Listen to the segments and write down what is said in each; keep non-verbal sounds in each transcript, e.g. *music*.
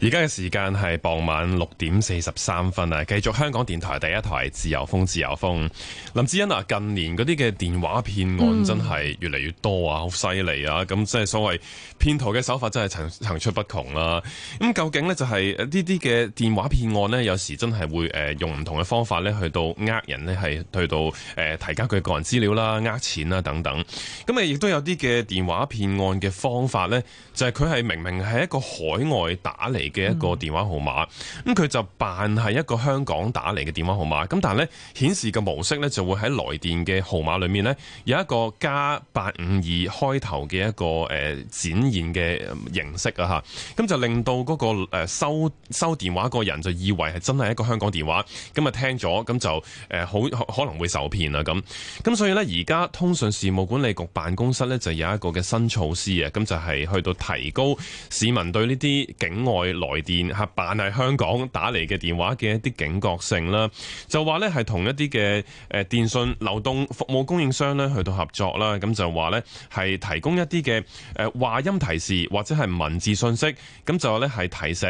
而家嘅時間係傍晚六點四十三分啊。繼續香港電台第一台自由風，自由風。林志恩啊，近年嗰啲嘅電話騙案真係越嚟越多、嗯、很啊，好犀利啊！咁即係所謂騙徒嘅手法真係層出不窮啦、啊。咁究竟呢？就係呢啲嘅電話騙案呢，有時真係會誒、呃、用唔同嘅方法去呢去到呃人呢係去到誒提交佢個人資料啦、呃錢啦等等。咁啊，亦都有啲嘅電話騙案嘅方法呢，就係佢係明明係一個海外打嚟嘅一個電話號碼，咁佢就扮係一個香港打嚟嘅電話號碼，咁但係咧顯示嘅模式咧就會喺來電嘅號碼裏面咧有一個加八五二開頭嘅一個誒、呃、展現嘅形式啊吓，咁就令到個誒收收電話個人就以為係真係一個香港電話，咁啊聽咗咁就誒、呃、好可能會受騙啊咁，咁所以咧而家通訊事務管理局辦公室咧就有一個嘅新措施啊，咁就係去到提高市民對呢啲境外。來電假扮係香港打嚟嘅電話嘅一啲警覺性啦，就話咧係同一啲嘅誒電信流動服務供應商咧去到合作啦，咁就話咧係提供一啲嘅誒話音提示或者係文字信息，咁就咧係提醒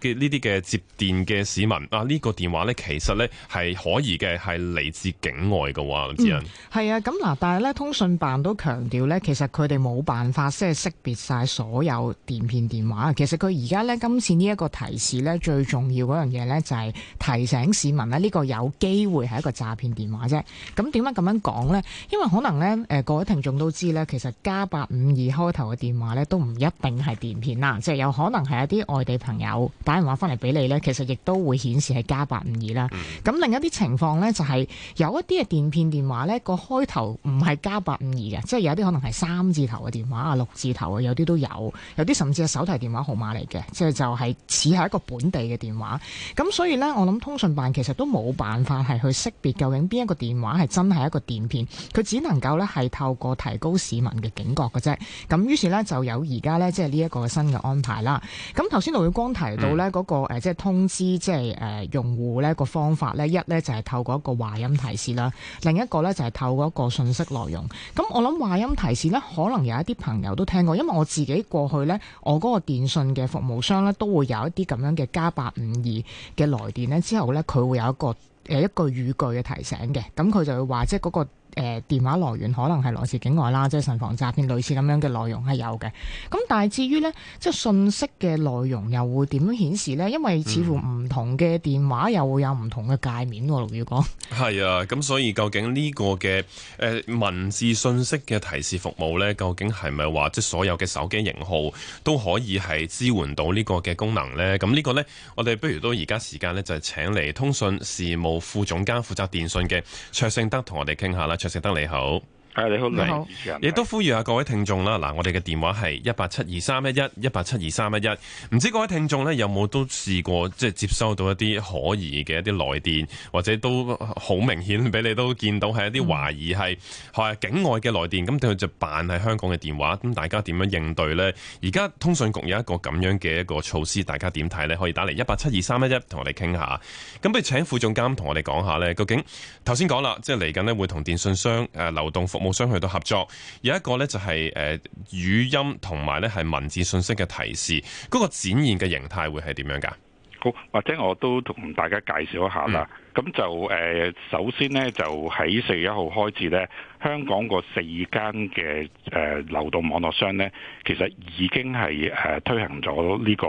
嘅呢啲嘅接電嘅市民啊，呢、這個電話咧其實咧係可疑嘅，係嚟自境外嘅喎，主任。係啊、嗯，咁嗱，但係咧通訊辦都強調咧，其實佢哋冇辦法即係識別晒所有電騙電話，其實佢而家咧今次，呢一個提示咧，最重要嗰樣嘢咧，就係提醒市民咧，呢、呢個有機會係一個詐騙電話啫。咁點解咁樣講呢？因為可能呢，誒、呃，各位聽眾都知呢，其實加八五二開頭嘅電話咧，都唔一定係電騙啦，即係有可能係一啲外地朋友打電話翻嚟俾你呢，其實亦都會顯示係加八五二啦。咁、嗯、另一啲情況呢，就係、是、有一啲嘅電騙電話呢個開頭唔係加八五二嘅，即係有啲可能係三字頭嘅電話啊，六字頭啊，有啲都有，有啲甚至係手提電話號碼嚟嘅，即係就是。係似係一個本地嘅電話，咁所以呢，我諗通訊辦其實都冇辦法係去識別究竟邊一個電話係真係一個電騙，佢只能夠呢係透過提高市民嘅警覺嘅啫。咁於是呢，就有而家呢，即係呢一個新嘅安排啦。咁頭先盧永光提到呢嗰個即通知即係用戶呢個方法呢，嗯、一呢就係透過一個話音提示啦，另一個呢就係透過一個信息內容。咁我諗話音提示呢，可能有一啲朋友都聽過，因為我自己過去呢，我嗰個電信嘅服務商呢，都會有一啲咁樣嘅加八五二嘅來電咧，之後咧佢會有一個誒、呃、一句語句嘅提醒嘅，咁佢就會話即係嗰、嗰個。誒電話來源可能係來自境外啦，即係防詐騙類似咁樣嘅內容係有嘅。咁但係至於呢，即係信息嘅內容又會點樣顯示呢？因為似乎唔同嘅電話又會有唔同嘅界面。要講係啊，咁所以究竟呢個嘅誒、呃、文字信息嘅提示服務呢，究竟係咪話即所有嘅手機型號都可以係支援到呢個嘅功能呢？咁呢個呢，我哋不如都而家時間呢，就係請嚟通訊事務副總監負責電訊嘅卓聖德同我哋傾下啦。卓聖德，你好。係你好，你好，亦好來都呼籲下各位聽眾啦。嗱是，我哋嘅電話係一八七二三一一一八七二三一一。唔知各位聽眾呢，有冇都試過即係接收到一啲可疑嘅一啲來電，或者都好明顯俾你都見到係一啲懷疑係係境外嘅來電，咁佢、嗯、就扮係香港嘅電話。咁大家點樣應對呢？而家通訊局有一個咁樣嘅一個措施，大家點睇呢？可以打嚟一八七二三一一同我哋傾下。咁不如請副總監同我哋講下呢，究竟頭先講啦，即係嚟緊呢，會同電信商誒流動服。冇相去到合作，有一個呢就係誒語音同埋呢係文字信息嘅提示，嗰、那個展現嘅形態會係點樣噶？好，或者我都同大家介紹一下啦。咁、嗯、就誒、呃、首先呢，就喺四月一號開始呢，香港個四間嘅誒流動網絡商呢，其實已經係誒、呃、推行咗呢、這個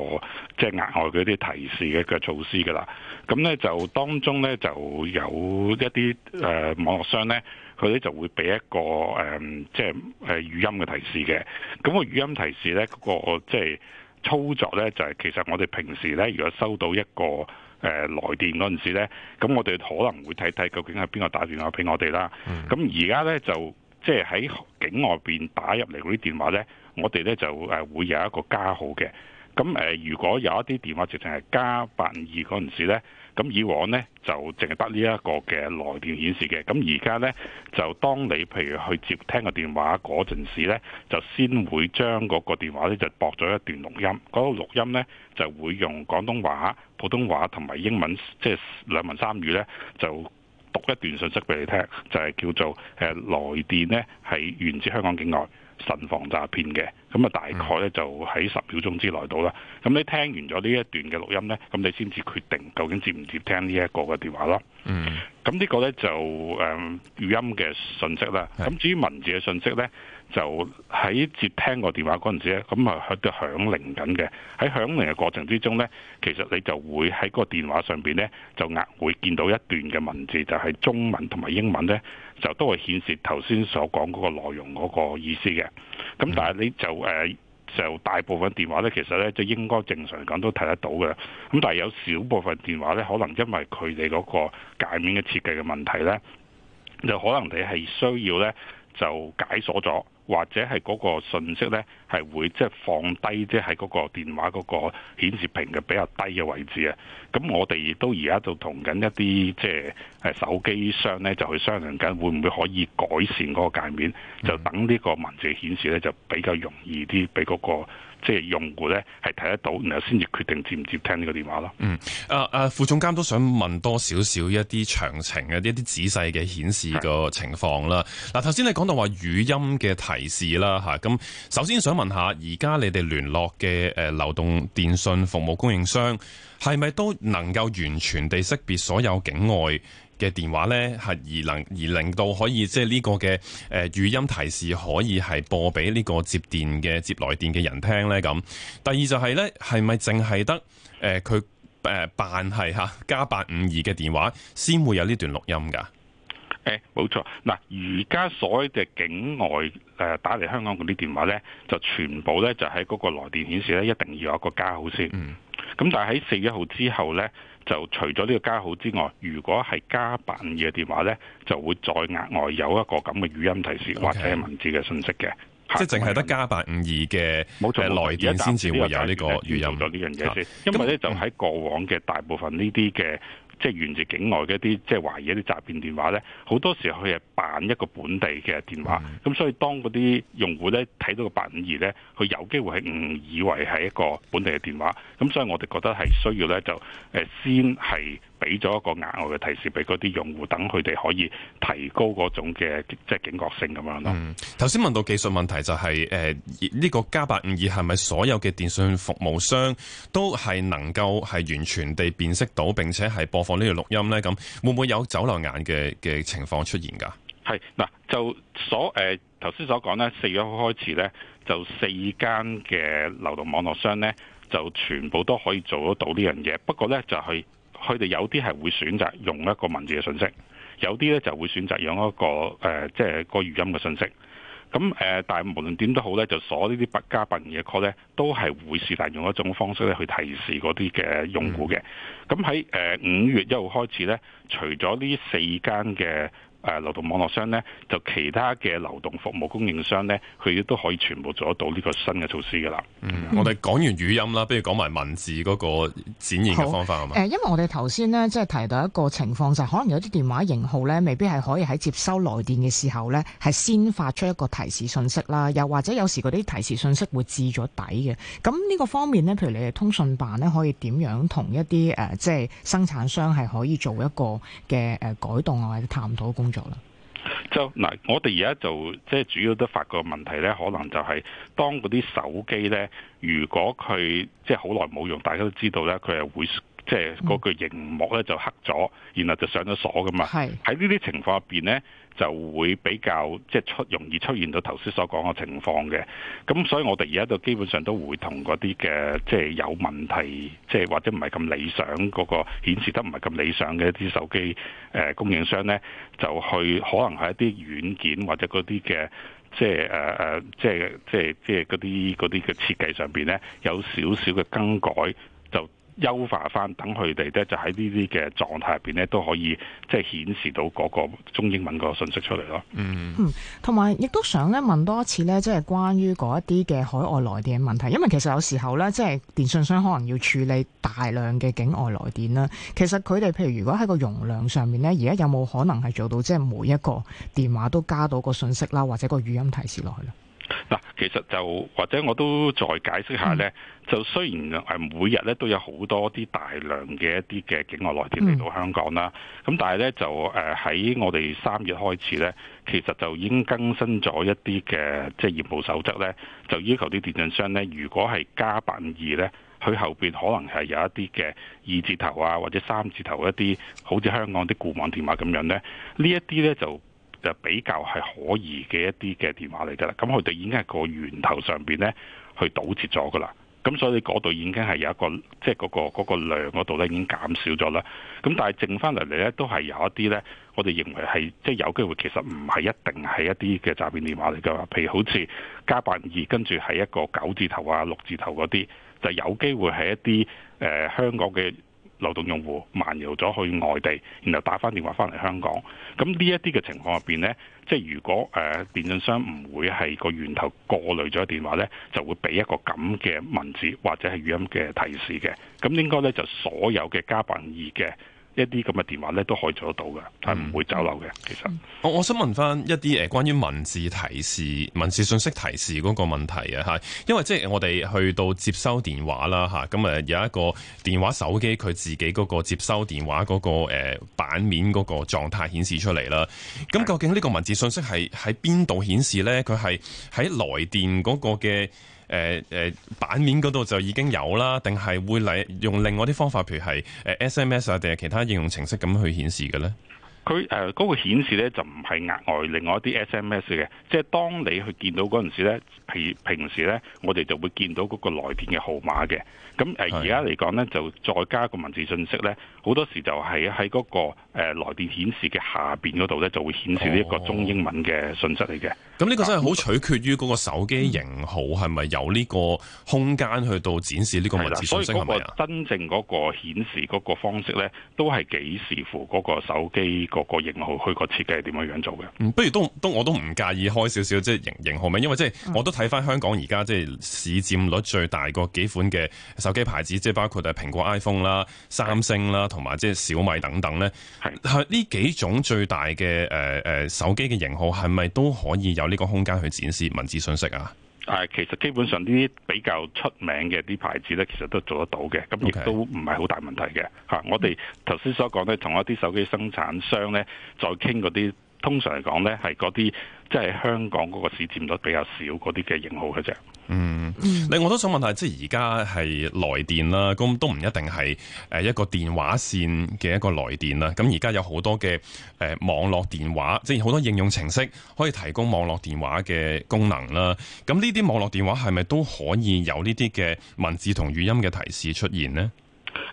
即係額外嗰啲提示嘅嘅措施噶啦。咁呢就當中呢，就有一啲誒、呃、網絡商呢。佢咧就會俾一個誒、嗯，即係誒語音嘅提示嘅。咁、個語音提示咧，個即係操作咧，就係、係、其實我哋平時咧，如果收到一個誒來、呃、電嗰陣時咧，咁我哋可能會睇睇究竟係邊個打電話俾我哋啦。咁而家咧就即係喺境外邊打入嚟嗰啲電話咧，我哋咧就誒會有一個加號嘅。咁誒，如果有一啲電話直情係加八二嗰陣時咧。咁以往呢，就淨係得呢一個嘅來電顯示嘅，咁而家呢，就當你譬如去接聽個電話嗰陣時呢，就先會將嗰個電話呢就駁咗一段錄音，嗰、那個錄音呢，就會用廣東話、普通話同埋英文，即、就、係、是、兩文三語呢，就讀一段訊息俾你聽，就係、是、叫做誒來電呢，係源自香港境外。慎防詐騙嘅，咁啊大概咧就喺十秒鐘之內到啦。咁、嗯、你聽完咗呢一段嘅錄音呢，咁你先至決定究竟接唔接聽呢一個嘅電話咯。嗯，咁呢個呢就誒、呃、語音嘅信息啦。咁是至於文字嘅信息呢，就喺接聽個電話嗰陣時呢，咁啊喺度響鈴緊嘅。喺響鈴嘅過程之中呢，其實你就會喺個電話上邊呢，就額會見到一段嘅文字，就係、是、中文同埋英文呢。就都係顯示頭先所講嗰個內容嗰個意思嘅，咁但係你就誒就大部分電話咧，其實咧就應該正常嚟講都睇得到嘅，咁但係有少部分電話咧，可能因為佢哋嗰個界面嘅設計嘅問題咧，就可能你係需要咧就解鎖咗。或者係嗰個信息呢，係會即係放低，即係嗰個電話嗰個顯示屏嘅比較低嘅位置啊。咁我哋亦都而家就同緊一啲即係手機商呢，就去商量緊，會唔會可以改善嗰個界面，就等呢個文字顯示呢，就比較容易啲，俾嗰個。即係用戶咧，係睇得到，然後先至決定接唔接聽呢個電話咯。嗯，誒、啊、誒，副總監都想問多少少一啲詳情嘅一啲仔細嘅顯示個情況啦。嗱是，頭先你講到話語音嘅提示啦，嚇，咁首先想問下，而家你哋聯絡嘅誒流動電信服務供應商係咪都能夠完全地識別所有境外嘅電話呢，係而能而令到可以即係呢個嘅誒、呃、語音提示可以係播俾呢個接電嘅接來電嘅人聽呢。咁。第二就係呢，係咪淨係得誒佢誒辦係嚇加八五二嘅電話先會有呢段錄音㗎？欸、冇錯嗱，而家所謂嘅境外誒打嚟香港嗰啲電話呢，就全部呢，就喺嗰個來電顯示呢，一定要有個加號先。嗯。咁但係喺四月一號之後呢，就除咗呢個加號之外，如果係加八五二嘅電話呢，就會再額外有一個咁嘅語音提示 Okay. 或者文字嘅信息嘅，即係淨係得加八五二嘅來電先至會有個呢個語音咗呢樣嘢。啊、因為呢，嗯、就喺過往嘅大部分呢啲嘅。即係源自境外嘅一啲即係懷疑一啲詐騙電話咧，好多時候佢係扮一個本地嘅電話，咁所以當嗰啲用戶咧睇到個八五二咧，佢有機會係誤以為係一個本地嘅電話，咁所以我哋覺得係需要咧就誒先係。俾咗一個額外嘅提示俾嗰啲用戶，等佢哋可以提高嗰種嘅即係警覺性咁樣咯。頭先，嗯、問到技術問題，就係，就係呢個加八五二係咪所有嘅電訊服務商都係能夠係完全地辨識到並且係播放呢條錄音呢？咁會唔會有走漏眼嘅嘅情況出現㗎？係，嗱，就所頭先，呃、所講呢，四月一號開始呢，就四間嘅流動網絡商呢，就全部都可以做得到呢樣嘢。不過呢，就係。佢哋有啲係會選擇用一個文字嘅信息，有啲咧就會選擇用一個誒，即、呃、係、就是、個語音嘅信息。咁誒，但係無論點都好咧，就鎖呢啲不加不二嘅 call 咧，都係會是但用一種方式咧去提示嗰啲嘅用戶嘅。咁喺誒五月一號開始咧，除咗呢四間嘅。誒流動網絡商咧，就其他嘅流動服務供應商咧，佢亦都可以全部做得到呢個新嘅措施㗎啦。嗯，我哋講完語音啦，不如講埋文字嗰個展現嘅方法係嘛？誒好，是嗎因為我哋頭先咧，即係提到一個情況，就係可能有啲電話型號咧，未必係可以喺接收來電嘅時候咧，係先發出一個提示信息啦。又或者有時嗰啲提示信息會置咗底嘅。咁呢個方面咧，譬如你哋通訊辦咧，可以點樣同一啲誒，即係生產商係可以做一個嘅誒改動啊，或者探討的就嗱，我哋而家就即係主要都發覺問題咧，可能就係當嗰啲手機咧，如果佢即係好耐冇用，大家都知道咧，佢係會。即係嗰個熒幕咧就黑咗，嗯、然後就上咗鎖噶嘛。喺係呢啲情況入面咧，就會比較即係出容易出現到頭先所講嘅情況嘅。咁所以我哋而家就基本上都會同嗰啲嘅即係有問題，即、就、係、是、或者唔係咁理想嗰、那個顯示得唔係咁理想嘅一啲手機、呃、供應商咧，就去可能係一啲軟件或者嗰啲嘅即係誒誒即係即係即係嗰啲嗰啲嘅設計上面咧有少少嘅更改。優化翻，等佢哋咧就喺呢啲嘅狀態入面咧都可以，即係顯示到嗰個中英文個訊息出嚟咯。嗯，同埋亦都想咧問多一次咧，即係關於嗰一啲嘅海外來電問題，因為其實有時候咧，即係電訊商可能要處理大量嘅境外來電啦。其實佢哋譬如如果喺個容量上面咧，而家有冇可能係做到即係每一個電話都加到個訊息啦，或者個語音提示落去咧？嗱，其實就或者我都再解釋下呢。就雖然每日咧都有好多啲大量嘅一啲嘅境外來電嚟到香港啦，咁、嗯、但係呢，就誒喺我哋三月開始呢，其實就已經更新咗一啲嘅即係業務守則呢就要求啲電信商呢，如果係加八五二呢，佢後面可能係有一啲嘅二字頭啊，或者三字頭一啲，好似香港啲固網電話咁樣呢，呢一啲呢就。就比較係可疑嘅一啲嘅電話嚟㗎啦，咁佢哋已經係個源頭上邊呢去堵截咗㗎啦，咁所以嗰度已經係有一個即係嗰個量嗰度呢已經減少咗啦，咁但係剩翻嚟嚟呢都係有一啲呢，我哋認為係即係有機會其實唔係一定係一啲嘅詐騙電話嚟㗎，譬如好似加八五二跟住係一個九字頭啊六字頭嗰啲，就有機會係一啲誒、呃、香港嘅。流動用戶漫遊咗去外地，然後打返電話返嚟香港，咁呢一啲嘅情況入邊呢，即係如果誒、呃、電訊商唔會係個源頭過濾咗電話呢，就會俾一個咁嘅文字或者係語音嘅提示嘅，咁應該呢，就所有嘅加八五二嘅。一啲咁嘅電話咧，都可以做得到嘅，係唔會走漏嘅。其實我、嗯、我想問翻一啲誒，關於文字提示、文字信息提示嗰個問題啊，嚇，因為即係我哋去到接收電話啦嚇，咁啊有一個電話手機佢自己嗰個接收電話嗰、嗰個、呃、版面嗰個狀態顯示出嚟啦。咁的究竟呢個文字信息係喺邊度顯示呢？佢係喺來電嗰個嘅。誒、呃呃、版面嗰度就已經有啦，定係會嚟用另外啲方法，譬如係 SMS 啊，定係其他應用程式咁去顯示嘅咧？佢誒個顯示咧就唔係額外另外一啲 SMS 嘅，即係當你去見到嗰陣時咧，係平時咧，我哋就會見到嗰個來電嘅號碼嘅。咁誒而家嚟講咧，就再加個文字信息咧，好多時就係喺嗰個誒來電顯示嘅下邊嗰度咧，就會顯示呢一個中英文嘅信息嚟嘅。咁呢、哦、個真係好取決於嗰個手機型號係咪有呢個空間去到展示呢個文字信息。所以嗰個真正嗰個顯示嗰個方式咧，都係幾視乎嗰個手機。個個型號佢個設計係點樣樣做嘅、嗯？不如都都我都唔介意開少少，即係型型號咪因為即係嗯、我都睇翻香港而家即係市佔率最大個幾款嘅手機牌子，即係包括係蘋果 iPhone 啦、phone，三星啦，同埋即係小米等等咧。係呢、嗯、幾種最大嘅誒誒手機嘅型號係咪都可以有呢個空間去展示文字信息啊？係，其實基本上啲比較出名嘅啲牌子呢，其實都做得到嘅，咁亦都唔係好大問題嘅吓 Okay.、啊、我哋頭先所講呢，同一啲手機生產商呢，再傾嗰啲。通常嚟講呢係嗰啲即係香港嗰個市佔率比較少嗰啲嘅型號嘅啫。嗯，另外都想問下，即係而家係來電啦，咁都唔一定係誒一個電話線嘅一個來電啦。咁而家有好多嘅誒網絡電話，即係好多應用程式可以提供網絡電話嘅功能啦。咁呢啲網絡電話係咪都可以有呢啲嘅文字同語音嘅提示出現呢？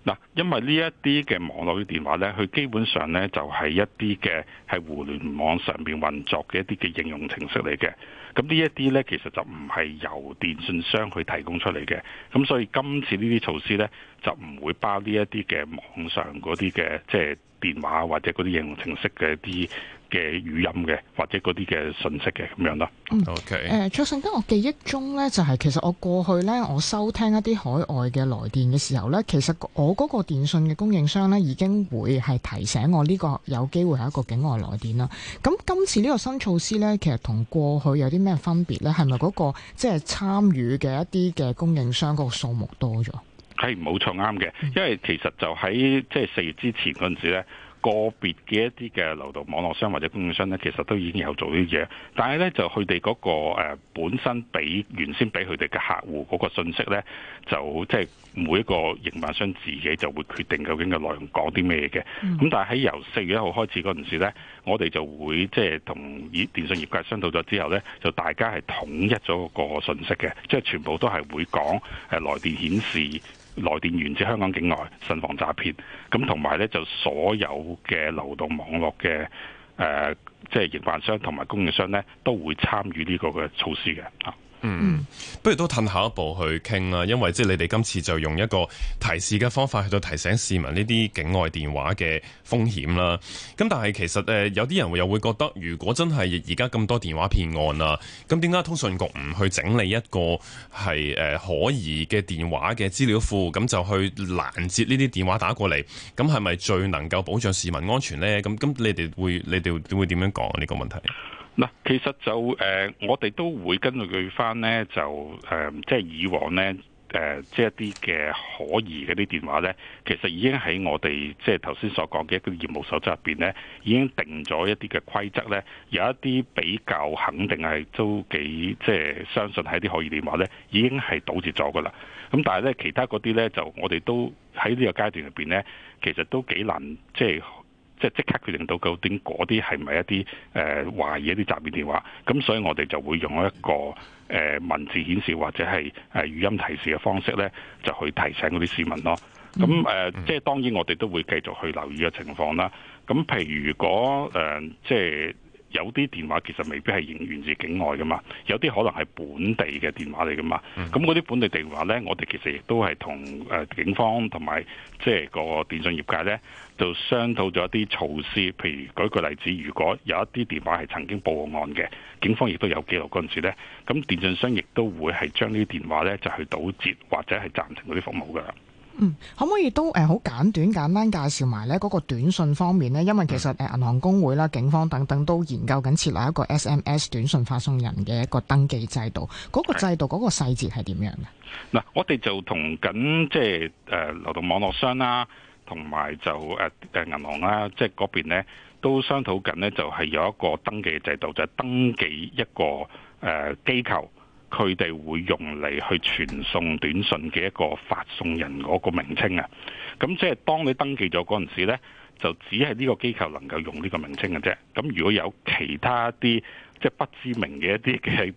嗱，因為呢一啲嘅網絡嘅電話咧，佢基本上呢就係一啲嘅喺互聯網上面運作嘅一啲嘅應用程式嚟嘅。咁呢一啲呢，其實就唔係由電訊商去提供出嚟嘅。咁所以今次呢啲措施呢，就唔會包呢一啲嘅網上嗰啲嘅即係電話或者嗰啲應用程式嘅一啲。嘅語音嘅或者嗰啲嘅訊息嘅咁樣咯。OK，誒，卓聖德，我記憶中呢，就係、是、其實我過去呢，我收聽一啲海外嘅來電嘅時候呢，其實我嗰個電訊嘅供應商呢，已經會係提醒我呢個有機會係一個境外來電啦。咁今次呢個新措施呢，其實同過去有啲咩分別呢？係咪嗰個即係、就是、參與嘅一啲嘅供應商嗰個數目多咗？係冇錯啱嘅，嗯、因為其實就喺即係四月之前嗰陣時咧。個別嘅一啲嘅流動網絡商或者供應商呢，其實都已經有做啲嘢，但係呢，就佢哋嗰個、呃、本身俾原先俾佢哋嘅客戶嗰個信息呢，就即係、就是、每一個營辦商自己就會決定究竟嘅內容講啲咩嘅。咁、嗯、但係喺由四月一號開始嗰陣時呢，我哋就會即係同電信業界商討咗之後呢，就大家係統一咗個信息嘅，即、就、係、是、全部都係會講誒來電顯示。來電源自香港境外，慎防詐騙。咁同埋咧，就所有嘅流動網絡嘅誒，即係營辦商同埋供應商咧，都會參與呢個嘅措施嘅啊。嗯，不如都褪下一步去傾啦，因為即係你哋今次就用一個提示嘅方法去到提醒市民呢啲境外電話嘅風險啦。咁但係其實誒，有啲人會又會覺得，如果真係而家咁多電話騙案啊，咁點解通訊局唔去整理一個係誒可疑嘅電話嘅資料庫，咁就去攔截呢啲電話打過嚟？咁係咪最能夠保障市民安全呢？咁咁你哋會，你哋會點樣講呢個問題？嗱，其實就誒、呃，我哋都會根據佢翻咧，就誒、呃，即係以往呢，誒、呃，即係一啲嘅可疑嘅啲電話呢，其實已經喺我哋即係頭先所講嘅一個業務守則入邊呢，已經定咗一啲嘅規則呢。有一啲比較肯定係都幾即係相信係啲可疑電話呢，已經係堵截咗噶啦。咁但係呢，其他嗰啲呢，就我哋都喺呢個階段入邊呢，其實都幾難即係。即係即刻決定到究竟嗰啲係咪一啲誒、呃、懷疑一啲詐騙電話，咁所以我哋就會用一個誒、呃、文字顯示或者係誒、呃、語音提示嘅方式咧，就去提醒嗰啲市民咯。咁誒，呃嗯、即係當然我哋都會繼續去留意嘅情況啦。咁譬如如果誒、呃、即係。有啲電話其實未必係源自境外㗎嘛，有啲可能係本地嘅電話嚟㗎嘛。咁嗰啲本地電話呢，我哋其實亦都係同警方同埋即係個電信業界呢，就商討咗一啲措施。譬如舉個例子，如果有一啲電話係曾經報案嘅，警方亦都有記錄嗰陣時呢，咁電信商亦都會係將呢啲電話呢，就去堵截或者係暫停嗰啲服務㗎啦。嗯，可唔可以都誒好簡短簡單介紹埋咧嗰個短信方面咧？因為其實誒銀行公會啦、警方等等都研究緊設立一個 SMS 短信發送人嘅一個登記制度。嗰個制度嗰個細節係點樣嘅？嗱，我哋就同緊即係誒流動網絡商啦，同埋就誒誒銀行啦，即係嗰邊咧都商討緊咧，就係有一個登記制度，就係登記一個誒機構。佢哋會用嚟去傳送短信嘅一個發送人嗰個名稱啊，咁即係當你登記咗嗰陣時咧，就只係呢個機構能夠用呢個名稱嘅啫。咁如果有其他啲即係不知名嘅一啲嘅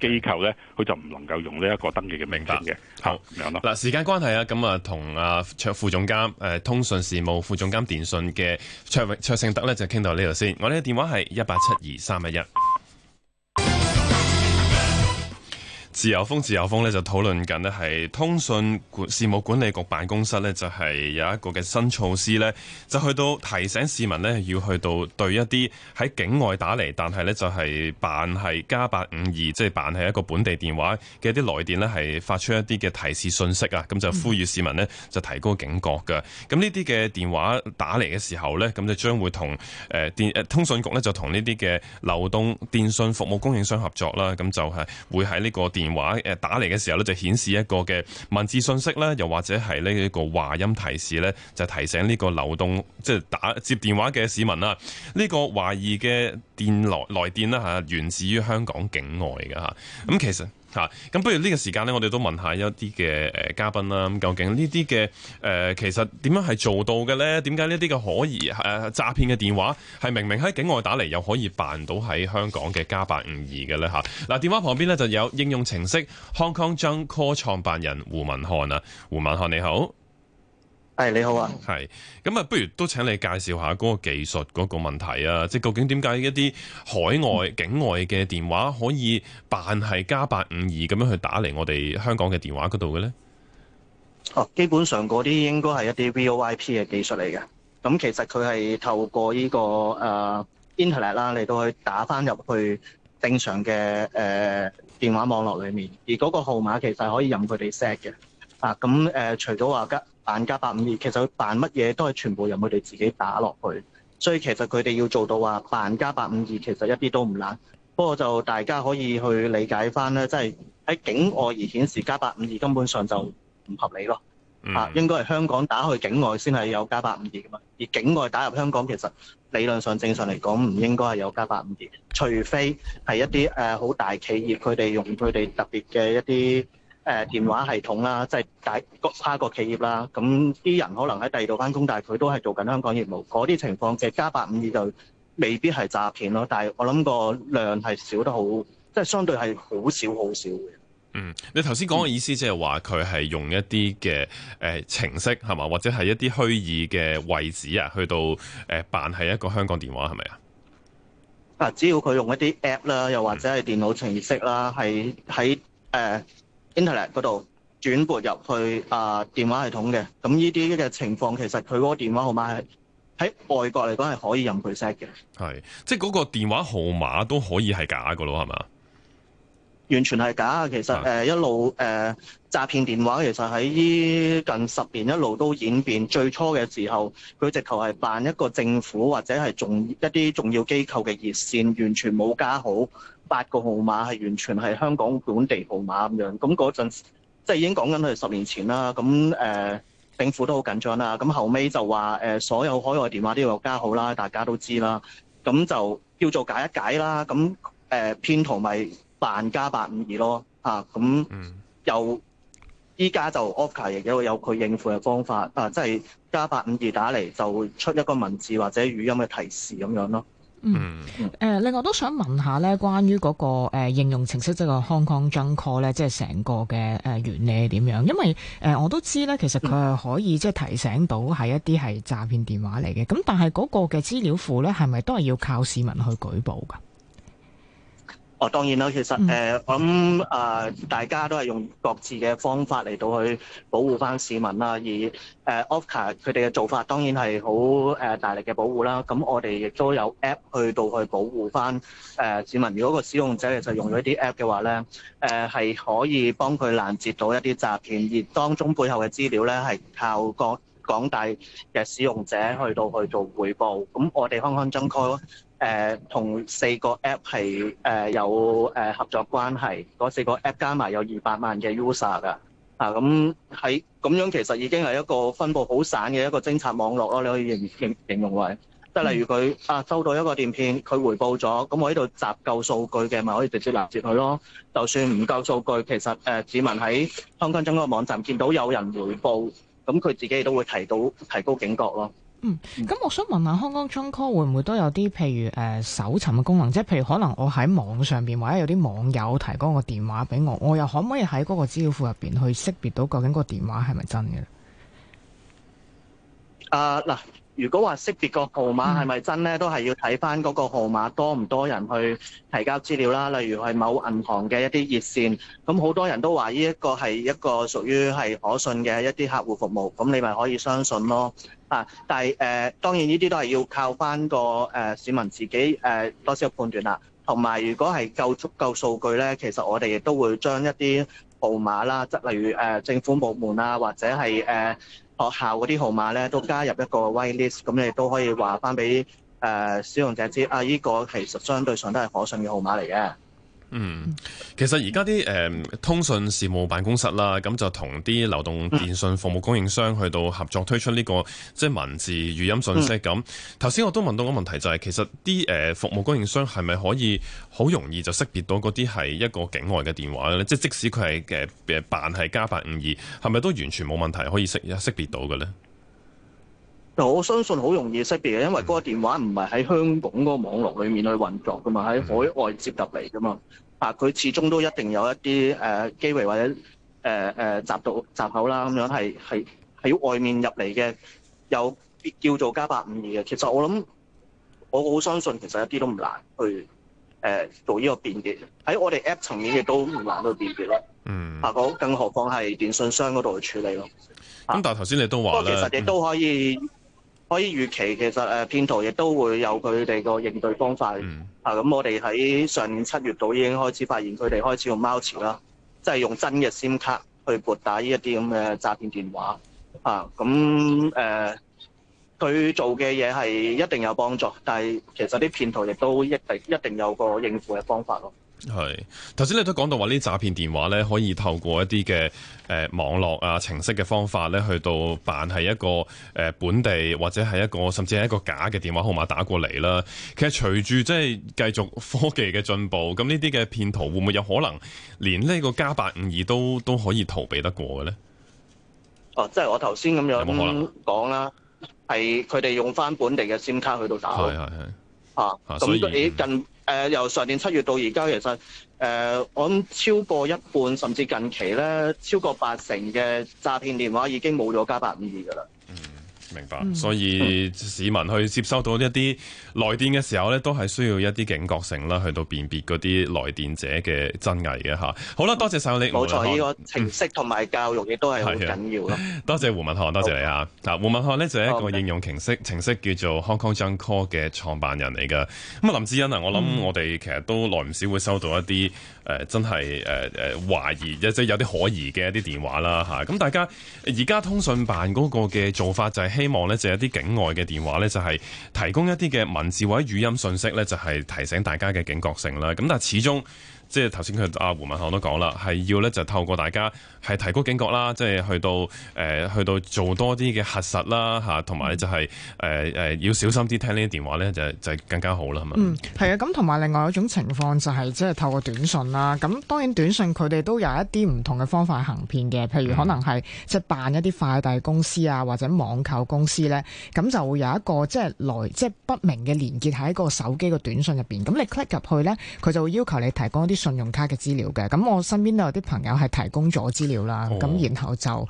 機構呢，佢 Okay. 就唔能夠用呢一個登記嘅名稱嘅。好，明白咯。嗱，時間關係啊，咁啊，同啊卓副總監誒通訊事務副總監電訊嘅卓卓聖德呢，就傾到呢度先。我哋嘅電話係一八七二三一一。自由風自由風咧就討論緊咧係通訊事務管理局辦公室咧就係有一個嘅新措施咧，就去到提醒市民咧，要去到對一啲喺境外打嚟但係咧就係扮係加八五二即係扮係一個本地電話嘅一啲來電咧係發出一啲嘅提示信息，啊，咁就呼籲市民咧，就提高警覺的，嘅咁呢啲嘅電話打嚟嘅時候咧，咁就將會同誒電通訊局咧就同呢啲嘅流動電信服務供應商合作啦，咁就係會喺呢個電。電話誒打嚟嘅時候咧，就顯示一個嘅文字訊息啦，又或者係呢一個話音提示咧，就提醒呢個流動即係、就是、打接電話嘅市民啦、啊。呢、這個懷疑嘅電來來電啦、啊、吓，源自於香港境外嘅吓。咁、啊嗯、其實。咁不如呢個時間一一、呃、呢，我哋都問下一啲嘅誒嘉賓啦。咁究竟呢啲嘅其實點樣係做到嘅呢？點解呢啲嘅可疑誒、呃、詐騙嘅電話係明明喺境外打嚟，又可以辦到喺香港嘅加八五二嘅呢？吓、啊、嗱，電話旁邊呢就有應用程式 HK Junk Call 創辦人胡文翰啊，胡文翰，你好。係、hey, 你好啊，係咁啊，不如都請你介紹下嗰個技術嗰個問題啊，即係究竟點解一啲海外境外嘅電話可以扮係加八五二咁樣去打嚟我哋香港嘅電話嗰度嘅咧？哦，基本上嗰啲應該係一啲 VoIP 嘅技術嚟嘅，咁其實佢係透過呢、這個誒 Internet 啦嚟到去打翻入去正常嘅誒、呃、電話網絡裏面，而嗰個號碼其實可以任佢哋 set 嘅啊，咁誒、呃、除咗話扮加八五二，其實佢扮乜嘢都係全部由佢哋自己打落去，所以其實佢哋要做到話扮加八五二，其實一啲都唔難。不過就大家可以去理解翻咧，即係喺境外而顯示加八五二，根本上就唔合理咯。嚇、嗯啊，應該係香港打去境外先係有加八五二㗎嘛，而境外打入香港其實理論上正常嚟講唔應該係有加八五二，除非係一啲誒好大企業佢哋用佢哋特別嘅一啲，誒、呃、電話系統啦，即、就、係、是、大個跨國企業啦，咁啲人可能喺第二度返工，但係佢都係做緊香港業務，嗰啲情況嘅加八五二就未必係詐騙咯。但係我諗個量係少得好，即係相對係好少好少嘅。嗯，你頭先講嘅意思、嗯、即係話佢係用一啲嘅誒程式係嘛，或者係一啲虛擬嘅位置啊，去到誒扮係一個香港電話係咪啊？啊，只要佢用一啲 app 啦，又或者係電腦程式啦，係喺、嗯 Internet 嗰度轉撥入去啊、呃、電話系統嘅，咁呢啲嘅情況其實佢嗰個電話號碼係喺外國嚟講係可以任佢 set 嘅。係，即嗰個電話號碼都可以係假㗎咯，係嘛？完全係假。其實的、呃、一路誒、呃、詐騙電話，其實喺呢近十年一路都演變。最初嘅時候，佢直頭係扮一個政府或者係重一啲重要機構嘅熱線，完全冇加號。八個號碼係完全係香港本地號碼咁樣，咁嗰陣即係已經講緊佢十年前啦。咁誒政府都好緊張啦。咁後尾就話誒、呃、所有海外電話都要加號啦，大家都知道啦。咁就叫做解一解啦。咁誒、呃、編號咪扮加八五二咯。啊，咁、嗯、又依家就 OFCA 亦都有佢應付嘅方法。啊，即係加八五二打嚟就出一個文字或者語音嘅提示咁樣咯。嗯，誒，另外都想問下咧，關於嗰、那個誒、呃、應用程式即係個 Hong Kong Junk Call 咧，即係成個嘅誒、呃、原理係點樣？因為誒、呃、我都知咧，其實佢係可以即係提醒到係一啲係詐騙電話嚟嘅。咁但係嗰個嘅資料庫咧，係咪都係要靠市民去舉報噶？哦，當然啦，其實誒我諗，大家都係用各自嘅方法嚟到去保護翻市民啦。而誒 OFCA 佢哋嘅做法當然係好誒大力嘅保護啦。咁我哋亦都有 App 去到去保護翻誒、呃、市民。如果個使用者其實用咗一啲 App 嘅話咧，誒、呃、係可以幫佢攔截到一啲詐騙，而當中背後嘅資料咧，係靠廣廣大嘅使用者去到去做匯報。咁我哋康虛增開。嗯誒同、呃、四個 App 係誒、呃、有誒、呃、合作關係，嗰四個 App 加埋有二百萬嘅 user 㗎，啊咁喺咁樣其實已經係一個分佈好散嘅一個偵察網絡咯，你可以形形容為，即係例如佢啊收到一個電騙佢回報咗，咁我喺度集夠數據嘅，咪可以直接攔截佢咯。就算唔夠數據，其實誒市民喺香港警方網站見到有人回報，咁佢自己都會提到提高警覺咯。嗯，咁我想問下，HK Junk Call 會唔會都有啲，譬如誒、呃、搜尋嘅功能，即係譬如可能我喺網上邊或者有啲網友提供個電話俾我，我又可唔可以喺嗰個資料庫入邊去識別到究竟個電話係咪真嘅咧？啊嗱，如果話識別個號碼係咪真咧，都係要睇翻嗰個號碼多唔多人去提交資料啦。例如係某銀行嘅一啲熱線，咁好多人都話呢一個係一個屬於係可信嘅一啲客戶服務，咁你咪可以相信咯。但係誒、呃，當然呢啲都係要靠翻、那個誒、呃、市民自己誒、呃、多少判斷啦。同埋，如果係夠足夠數據咧，其實我哋亦都會將一啲號碼啦，即例如誒、呃、政府部門啊，或者係誒、呃、學校嗰啲號碼咧，都加入一個 whitelist，咁你都可以話翻俾誒使用者知啊。依、這個其實相對上都係可信嘅號碼嚟嘅。嗯，其實而家啲誒通訊事務辦公室啦，咁就同啲流動電信服務供應商去到合作推出呢、這個、嗯、即係文字語音信息咁。頭先、嗯、我都問到個問題就係、是，其實啲誒、呃、服務供應商係咪可以好容易就識別到嗰啲係一個境外嘅電話咧？即係即使佢係誒誒辦係加八五二，係咪都完全冇問題可以識識別到嘅咧？我相信好容易識別嘅，因為嗰個電話唔係喺香港嗰個網絡裡面去運作噶嘛，喺海外接入嚟噶嘛。啊，佢始終都一定有一啲誒、呃、機位或者誒誒閘道閘口啦，咁樣係係喺外面入嚟嘅，有別叫做加八五二嘅。其實我諗，我好相信其實一啲都唔難去誒、呃、做呢個辨別，喺我哋 App 層面亦都唔難去辨別咯。嗯，啊更何況係電信商嗰度去處理咯。咁但係頭先你都話其實亦都可以、嗯。可以預期，其實誒騙徒亦都會有佢哋個應對方法、嗯、啊！咁我哋喺上年七月度已經開始發現佢哋開始用貓池啦，即、就、係、是、用真嘅 SIM 卡去撥打呢一啲咁嘅詐騙電話啊！咁誒，佢、呃、做嘅嘢係一定有幫助，但係其實啲騙徒亦都一定一定有個應付嘅方法咯。係，頭先你都講到話呢詐騙電話咧，可以透過一啲嘅誒網絡啊程式、嘅方法咧，去到扮係一個誒、呃、本地或者係一個甚至係一個假嘅電話號碼打過嚟啦。其實隨住即係繼續科技嘅進步，咁呢啲嘅騙徒會唔會有可能連呢個加八五二都都可以逃避得過嘅咧？哦、啊，即係我頭先咁樣講啦，係佢哋用翻本地嘅 SIM 卡去到打，係係係啊，咁你近。誒、呃、由上年七月到而家，其實誒、呃、我諗超過一半，甚至近期咧超過八成嘅詐騙電話已經冇咗加八五二㗎啦。明白，所以市民去接收到一啲來電嘅時候咧，都係需要一啲警覺性啦，去到辨別嗰啲來電者嘅真偽嘅吓。好啦，多謝晒，你。冇錯錯，呢個程式同埋教育亦都係好緊要啦。多謝胡文翰，多謝你嚇。嗱好，胡文翰咧就係一個應用程式程式叫做 Hong Kong Junk Call 嘅創辦人嚟嘅。咁啊，林志恩啊，我諗我哋其實都耐唔少會收到一啲誒、嗯呃、真係誒誒懷疑，即、就、係、是、有啲可疑嘅一啲電話啦吓，咁大家而家通訊辦嗰個嘅做法就係、是。希望呢，就係一啲境外嘅電話呢，就係、是、提供一啲嘅文字或者語音信息呢，就係、是、提醒大家嘅警覺性啦。咁但係始終。即係頭先佢阿胡文翰都講啦，係要咧就是、透過大家係提高警覺啦，即、就、係、是、去到誒、呃、去到做多啲嘅核實啦嚇，同埋就係誒誒要小心啲聽呢啲電話咧，就是、就是、更加好啦係嘛。嗯，係啊嗎，咁同埋另外一種情況就係即係透過短信啦。咁當然短信佢哋都有一啲唔同嘅方法行騙嘅，譬如可能係即係辦一啲快遞公司啊，或者網購公司咧，咁就會有一個即係、就是、來即係、就是、不明嘅連結喺一個手機嘅短信入邊。咁你 click 入去咧，佢就會要求你提供一啲。信用卡嘅資料嘅，咁我身邊都有啲朋友係提供咗資料啦，咁、oh. 然後就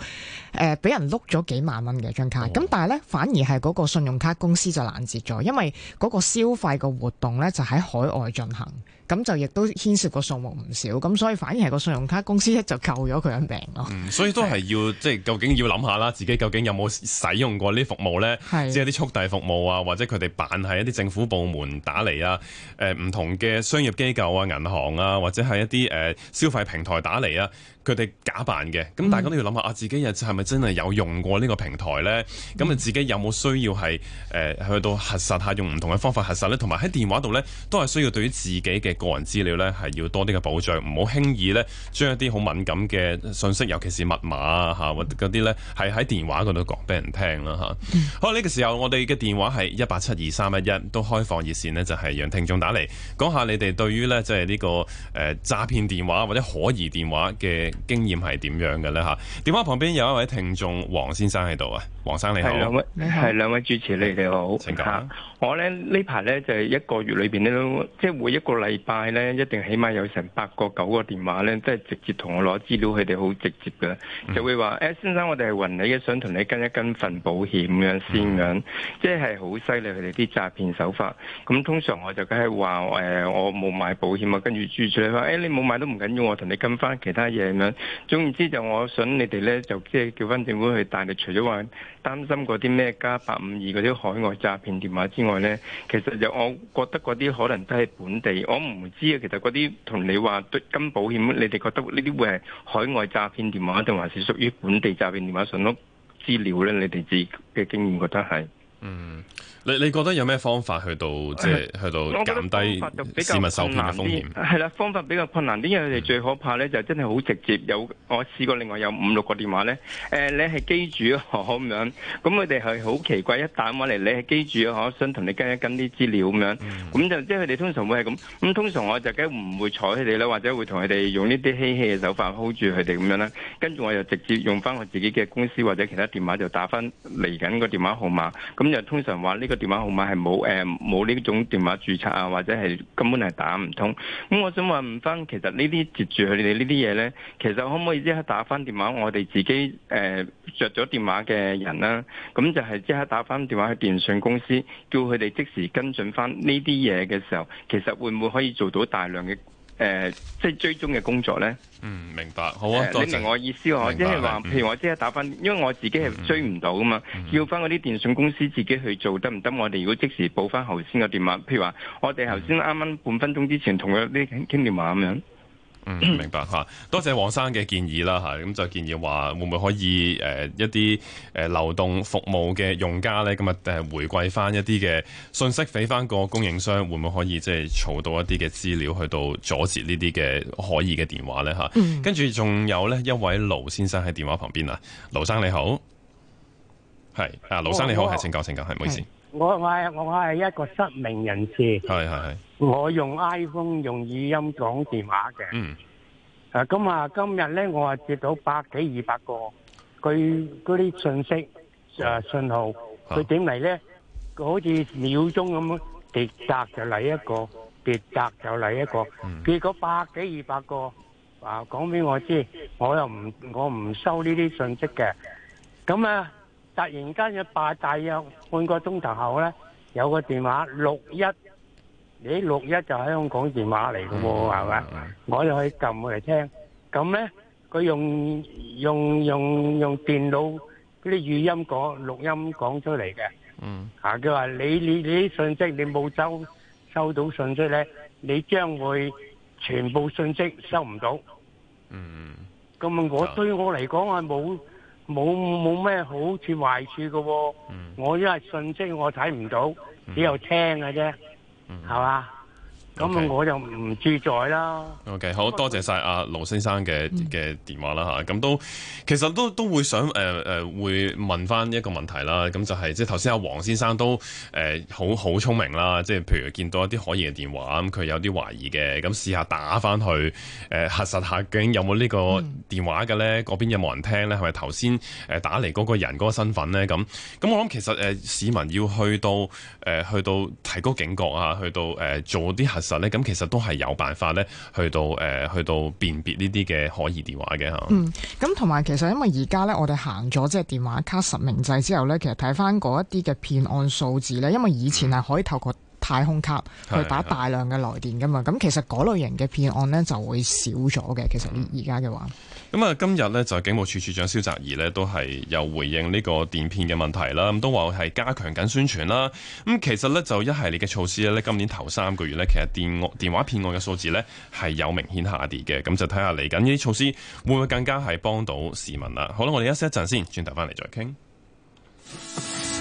誒俾人碌咗幾萬蚊嘅張卡，咁、oh. 但係咧反而係嗰個信用卡公司就攔截咗，因為嗰個消費嘅活動咧就喺海外進行。咁就亦都牽涉個數目唔少，咁所以反而係個信用卡公司一就救咗佢嘅命咯。嗯，所以都係要即係、即係、究竟要諗下啦，自己究竟有冇使用過呢啲服務咧？是即係啲速遞服務啊，或者佢哋辦喺一啲政府部門打嚟啊，呃、唔同嘅商業機構啊、銀行啊，或者係一啲、呃、消費平台打嚟啊。佢哋假扮嘅，咁大家都要諗下、嗯、啊，自己日子係咪真係有用過呢個平台呢？咁啊，自己有冇需要係誒去到核實下，用唔同嘅方法核實呢？同埋喺電話度呢，都係需要對於自己嘅個人資料呢，係要多啲嘅保障，唔好輕易呢將一啲好敏感嘅信息，尤其是密碼啊嚇，或嗰啲呢，係喺電話嗰度講俾人聽啦嚇。啊嗯、好，呢個時候我哋嘅電話係一八七二三一一，都開放熱線呢，就係讓聽眾打嚟講下你哋對於呢，即係呢個誒詐騙電話或者可疑電話嘅。經驗係點樣嘅呢？電話旁邊有一位聽眾黃先生喺度啊。黃生你好，係兩位，係好兩位主持，你哋好。我呢呢排呢，就係、是、一個月裏面，呢都，即係每一個禮拜呢，一定起碼有成八個九個電話呢，即係直接同我攞資料，佢哋好直接嘅，就會話、嗯哎、先生，我哋係搵你嘅，想同你跟一跟一份保險咁樣先，嗯、即係好犀利佢哋啲詐騙手法。咁通常我就梗係話我冇買保險啊，跟住住住你話你冇買都唔緊要緊，我同你跟翻其他嘢咁樣。總言之就我想你哋呢，就即係叫翻政府去大你除咗話。擔心嗰啲咩加八五二嗰啲海外詐騙電話之外呢，其實就我覺得嗰啲可能都係本地，我唔知啊。其實嗰啲同你話金保險，你哋覺得呢啲會係海外詐騙電話定還是屬於本地詐騙電話上咯資料呢，你哋自己嘅經驗覺得係。嗯，你你覺得有咩方法去到即係去到減低市民受騙嘅風險？係啦，方法比較困難啲，因為佢哋最可怕咧就真係好直接。有我試過另外有五六個電話咧，誒，你係機主啊，咁樣，咁佢哋係好奇怪一打返嚟，你係機主啊，我想同你跟一跟啲資料咁樣，咁就即係佢哋通常會係咁。咁通常我就梗唔會睬佢哋啦，或者會同佢哋用呢啲嬉戲嘅手法 hold 住佢哋咁樣啦。跟住我又直接用翻我自己嘅公司或者其他電話就打翻嚟緊個電話號碼咁。通常話呢個電話號碼係冇誒、冇呢種電話註冊啊，或者係根本係打唔通。咁我想問翻，其實呢啲接住佢哋呢啲嘢呢，其實可唔可以即刻打翻電話我哋自己誒著咗電話嘅人啦？咁就係即刻打翻電話去電訊公司，叫佢哋即時跟進翻呢啲嘢嘅時候，其實會唔會可以做到大量嘅？誒、呃，即係追蹤嘅工作咧。嗯，明白，好啊。你明白我意思喎，即係話，譬如我即刻打翻，因為我自己係追唔到啊嘛，要翻嗰啲電信公司自己去做得唔得？行不行？我哋如果即時補翻頭先個電話，譬如話，我哋頭先啱啱半分鐘之前同佢啲傾電話咁樣。嗯，明白吓，多謝黃生嘅建議啦吓，咁就建議話會唔會可以誒一啲誒流動服務嘅用家咧，咁啊誒回饋翻一啲嘅信息俾翻個供應商，會唔會可以即係儲到一啲嘅資料去到阻截呢啲嘅可疑嘅電話咧吓？跟住仲有咧一位盧先生喺電話旁邊啊，盧生你好，係啊，盧生你好，係我，請教，我請教，係唔是好意思，我是我我係一個失明人士，係係。我用 iPhone 用語音講電話嘅，啊咁啊今日咧我啊接到百幾二百個，佢嗰啲信息誒信號，佢點嚟咧？佢好似秒鐘咁跌格就嚟一個，跌格就嚟一個，結果百幾二百個啊講俾我知，我又唔我唔收呢啲信息嘅。咁啊突然間有百大約半個鐘頭後咧，有個電話六一。你六一就係香港電話嚟嘅喎，係咪？我就可以撳佢嚟聽。咁咧，佢用用用用電腦嗰啲語音講錄音講出嚟嘅。嗯。啊，佢話你你你啲信息你冇收收到信息咧，你將會全部信息收唔到。嗯嗯。咁啊，我對我嚟講係冇冇冇咩好處壞處嘅喎。嗯。我因為信息我睇唔到，只有聽嘅啫。好啊。咁我就唔自在啦。OK，好多謝晒阿盧先生嘅嘅電話啦吓，咁都、嗯、其實都都會想誒誒，會問翻一個問題啦。咁就係即係頭先阿黃先生都誒好好聰明啦，即係譬如見到一啲可疑嘅電話，咁佢有啲懷疑嘅，咁試下打翻去誒核實下究竟有冇呢個電話嘅咧？嗰邊有冇人聽咧？係咪頭先誒打嚟嗰個人嗰個身份咧？咁咁我諗其實誒市民要去到誒去到提高警覺啊，去到誒做啲核。實咧，咁其實都係有辦法咧，去到誒、呃，去到辨別呢啲嘅可疑電話嘅吓。嗯，咁同埋其實因為而家咧，我哋行咗即係電話卡實名制之後咧，其實睇返嗰一啲嘅騙案數字咧，因為以前係可以透過太空卡去打大量嘅來電噶嘛，咁是其實嗰類型嘅騙案呢，就會少咗嘅。其實而家嘅話，咁啊、嗯、今日呢，就警務處處長蕭澤頤呢，都係有回應呢個電騙嘅問題啦，咁都話係加強緊宣傳啦。咁其實呢，就一系列嘅措施呢，今年頭三個月呢，其實電電話騙案嘅數字呢，係有明顯下跌嘅。咁就睇下嚟緊呢啲措施會唔會更加係幫到市民啦。好啦，我哋休息一陣先，轉頭翻嚟再傾。 *music*